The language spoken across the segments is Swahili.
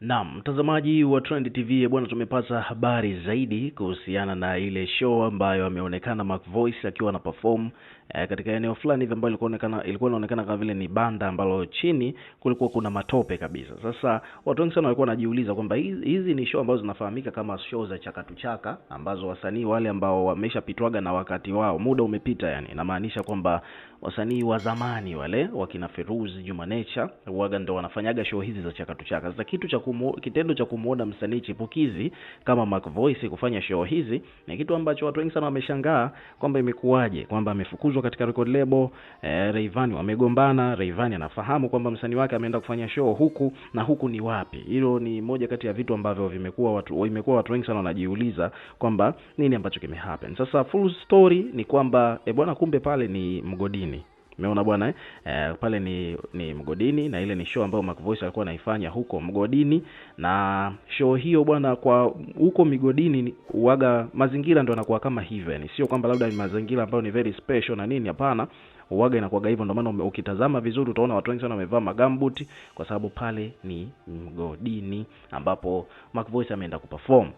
Naam, mtazamaji wa Trend TV bwana, tumepata habari zaidi kuhusiana na ile show ambayo ameonekana Mac Voice akiwa na perform eh, katika eneo fulani hivi ambayo ilikuwa inaonekana kama vile ni banda ambalo chini kulikuwa kuna matope kabisa. Sasa watu wengi sana walikuwa wanajiuliza kwamba hizi ni show ambazo zinafahamika kama show za chakatuchaka ambazo wasanii wale ambao wameshapitwaga na wakati wao, muda umepita, yani inamaanisha kwamba wasanii wa zamani wale wakina Feruzi, Juma Nature, huaga ndo wanafanyaga show hizi za chakatuchaka. Sasa kitu cha kumu, kitendo cha kumuona msanii chipukizi kama Mac Voice kufanya show hizi ni kitu ambacho watu wengi sana wameshangaa kwamba imekuwaje, kwamba amefukuzwa katika record label. Eh, Rayvanny wamegombana, Rayvanny anafahamu kwamba msanii wake ameenda kufanya show huku na huku ni wapi. Hilo ni moja kati ya vitu ambavyo vimekuwa watu imekuwa watu wengi sana wanajiuliza kwamba nini ambacho kimehappen. Sasa full story ni kwamba e, bwana kumbe pale ni mgodini. Umeona bwana eh? eh? Pale ni ni mgodini na ile ni show ambayo Macvoice alikuwa anaifanya huko mgodini, na show hiyo bwana, kwa huko migodini uaga mazingira ndo anakuwa kama hivyo, yani sio kwamba labda ni mazingira ambayo ni very special na nini, hapana, uwaga inakuwa hivyo. Ndio maana ukitazama vizuri utaona watu wengi sana wamevaa magambuti, kwa sababu pale ni mgodini ambapo Macvoice ameenda kuperform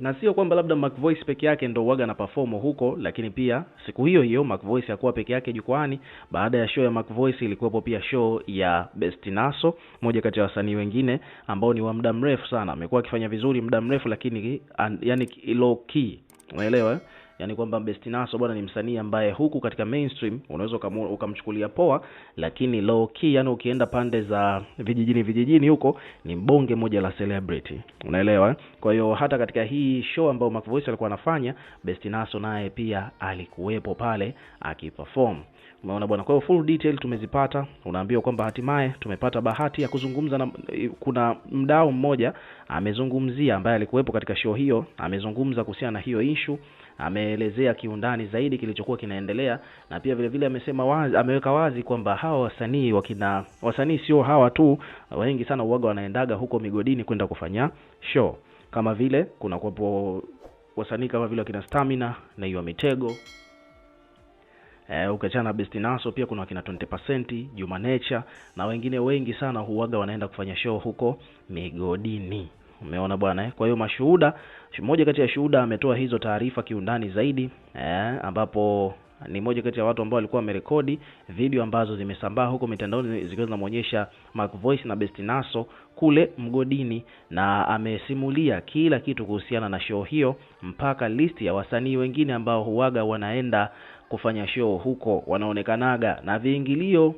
na sio kwamba labda Macvoice peke yake ndo waga na perform huko, lakini pia siku hiyo hiyo Macvoice hakuwa peke yake jukwani. Baada ya show ya Macvoice ilikuwepo pia show ya Naso, moja kati ya wasanii wengine ambao ni wa muda mrefu sana, amekuwa akifanya vizuri muda mrefu, lakini an, yani low key, unaelewa eh? yani kwamba Naso bwana ni msanii ambaye huku katika mainstream unaweza ukamchukulia poa, lakini low key, yani ukienda pande za vijijini vijijini huko ni mbonge moja la celebrity, unaelewa. Eh? Kwa hiyo hata katika hii show ambayo Mac Voice alikuwa anafanya, Naso naye pia alikuwepo pale akiperform. Umeona bwana. Kwa hiyo full detail tumezipata, unaambiwa kwamba hatimaye tumepata bahati ya kuzungumza na, eh, kuna mdau mmoja amezungumzia, ambaye alikuwepo katika show hiyo, amezungumza kuhusiana na hiyo issue ame ameelezea kiundani zaidi kilichokuwa kinaendelea, na pia vile vile amesema wazi, ameweka wazi kwamba hawa wasanii wakina wasanii sio hawa tu, wengi sana uoga wanaendaga huko migodini kwenda kufanya show, kama vile kuna kuwepo wasanii kama vile wakina Stamina na hiyo Mitego e, ukiachana na Best Naso pia kuna wakina 20%, Juma Nature na wengine wengi sana huwaga wanaenda kufanya show huko migodini. Umeona bwana eh? Kwa hiyo mashuhuda, mmoja kati ya shuhuda ametoa hizo taarifa kiundani zaidi eh, ambapo ni moja kati ya watu ambao walikuwa wamerekodi video ambazo zimesambaa huko mitandaoni zikiwa zinamuonyesha Mark Voice na Best Naso kule mgodini, na amesimulia kila kitu kuhusiana na show hiyo mpaka listi ya wasanii wengine ambao huwaga wanaenda kufanya show huko wanaonekanaga na viingilio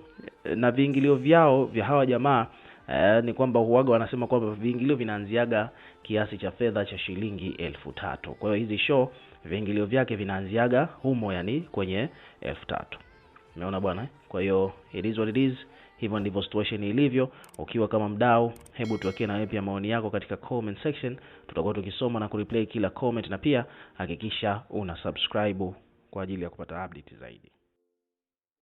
na viingilio vyao vya hawa jamaa eh, ni kwamba huaga wanasema kwamba viingilio vinaanziaga kiasi cha fedha cha shilingi elfu tatu. Kwa hiyo hizi show viingilio vyake vinaanziaga humo, yani kwenye elfu tatu. Umeona bwana? Eh? Kwa hiyo it is what it is. Hivyo ndivyo situation ilivyo. Ukiwa kama mdau, hebu tuwekee na wewe pia maoni yako katika comment section, tutakuwa tukisoma na kureplay kila comment, na pia hakikisha una subscribe kwa ajili ya kupata update zaidi.